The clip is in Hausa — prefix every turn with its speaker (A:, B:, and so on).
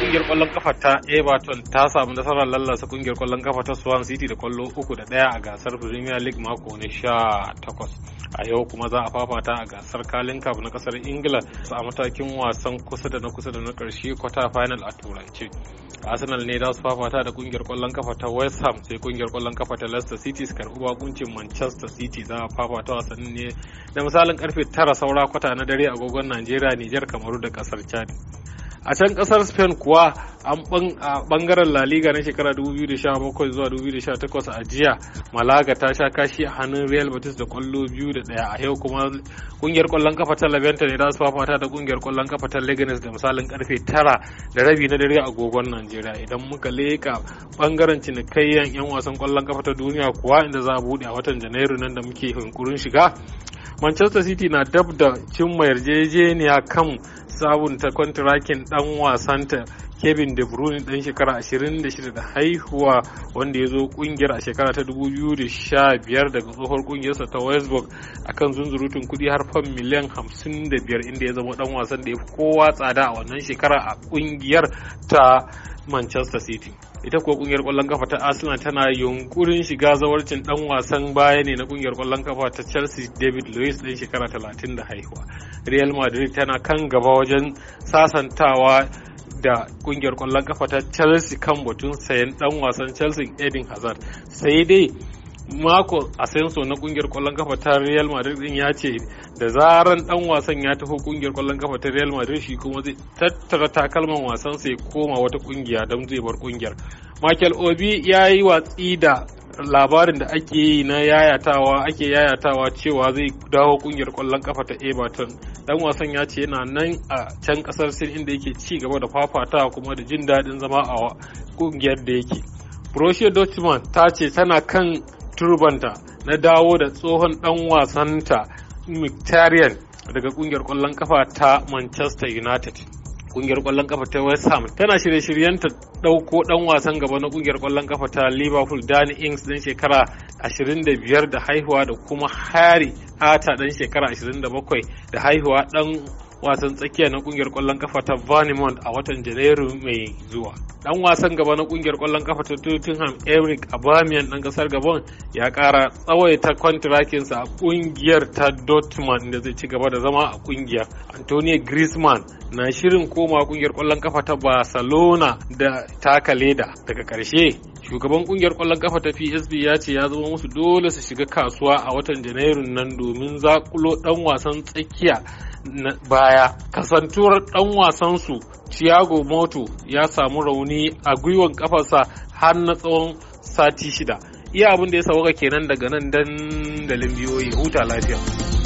A: kungiyar kwallon kafa ta Everton ta samu nasarar lallasa kungiyar kwallon kafa ta Swan City da kwallo uku da ɗaya a gasar Premier League mako na 18. A yau kuma za a fafata a gasar Kalin Cup na kasar Ingila a matakin wasan kusa da na kusa da na karshe kwata final a Turance. Arsenal ne za su fafata da kungiyar kwallon kafa ta West Ham sai kungiyar kwallon kafa ta Leicester City su karbi bakuncin Manchester City za a fafata wasannin ne da misalin karfe 9 saura kwata na dare agogon Najeriya, niger Kamaru da kasar Chad. a can kasar spain kuwa an bangaren la liga na shekara 2017 zuwa 2018 a jiya malaga ta sha kashi a hannun real betis da kwallo biyu da daya a yau kuma kungiyar kwallon kafa ta labenta ne za su fafata da kungiyar kwallon kafa ta leganes da misalin karfe 9 da rabi na dare agogon nigeria idan muka leka bangaren cinikayyan yan wasan kwallon kafa ta duniya kuwa inda za a bude a watan janairu nan da muke hunkurin shiga manchester city na dab da cimma yarjejeniya kan sabunta kwantirakin dan wasanta kevin de bruyne dan shekara 26 da haihuwa wanda ya zo kungiyar a shekara ta 2015 daga tsohuwar kungiyarsa ta westbrook akan zunzurutun kudi har fan miliyan 55 inda ya zama dan wasan da ya fi kowa tsada a wannan shekara a kungiyar ta manchester city ita kuwa kungiyar kwallon kafa ta arsenal tana yunkurin shiga zawarcin dan wasan baya ne na kungiyar kwallon kafa ta chelsea david luiz din shekara talatin da haihuwa real madrid tana kan gaba wajen sasantawa da kungiyar kwallon kafa ta chelsea kan batun sayan dan wasan chelsea edin hazard sai dai sayan Asenso na kungiyar kwallon kafa ta Real Madrid din ya ce da zaran dan wasan ya taho kungiyar kwallon kafa ta Real Madrid shi kuma zai tattara takalman wasan sai koma wata kungiya don zai bar kungiyar. Michael Obi ya yi watsi da labarin da ake yi na yayatawa ake yayatawa cewa zai dawo kungiyar kwallon kafa ta Everton dan wasan ya ce yana nan a can kasar Sin inda yake ci gaba da fafatawa kuma da jin daɗin zama a kungiyar da yake. Borussia Dortmund ta ce tana kan turbanta na dawo da tsohon dan wasanta mictarian daga kungiyar kwallon kafa ta manchester united kungiyar kwallon kafa ta west ham tana shirye-shiryen ta dauko dan wasan gaba na kungiyar kwallon kafa ta liverpool danny ings dan shekara 25 da haihuwa da kuma harry Hata dan shekara 27 da haihuwa dan wasan tsakiya na kungiyar kwallon kafa ta Vanimont a watan Janairu mai zuwa. dan wasan gaba na kungiyar kwallon kafa ta Tottenham Eric Aubameyang dan kasar Gabon ya kara tsawaita kwantirakinsa a kungiyar ta Dortmund da zai ci gaba da zama a kungiya. Antonio Griezmann na shirin koma kungiyar kwallon kafa ta Barcelona da taka leda daga karshe shugaban kungiyar kwallon kafa ta PSV ya ce ya zama musu dole su shiga kasuwa a watan Janairun nan domin zakulo dan wasan tsakiya na baya kasantuwar dan wasansu Thiago Moto ya samu rauni a gwiwan kafarsa har na tsawon sati shida. Iya abin da ya sauka kenan daga nan dandalin biyoyi huta lafiya.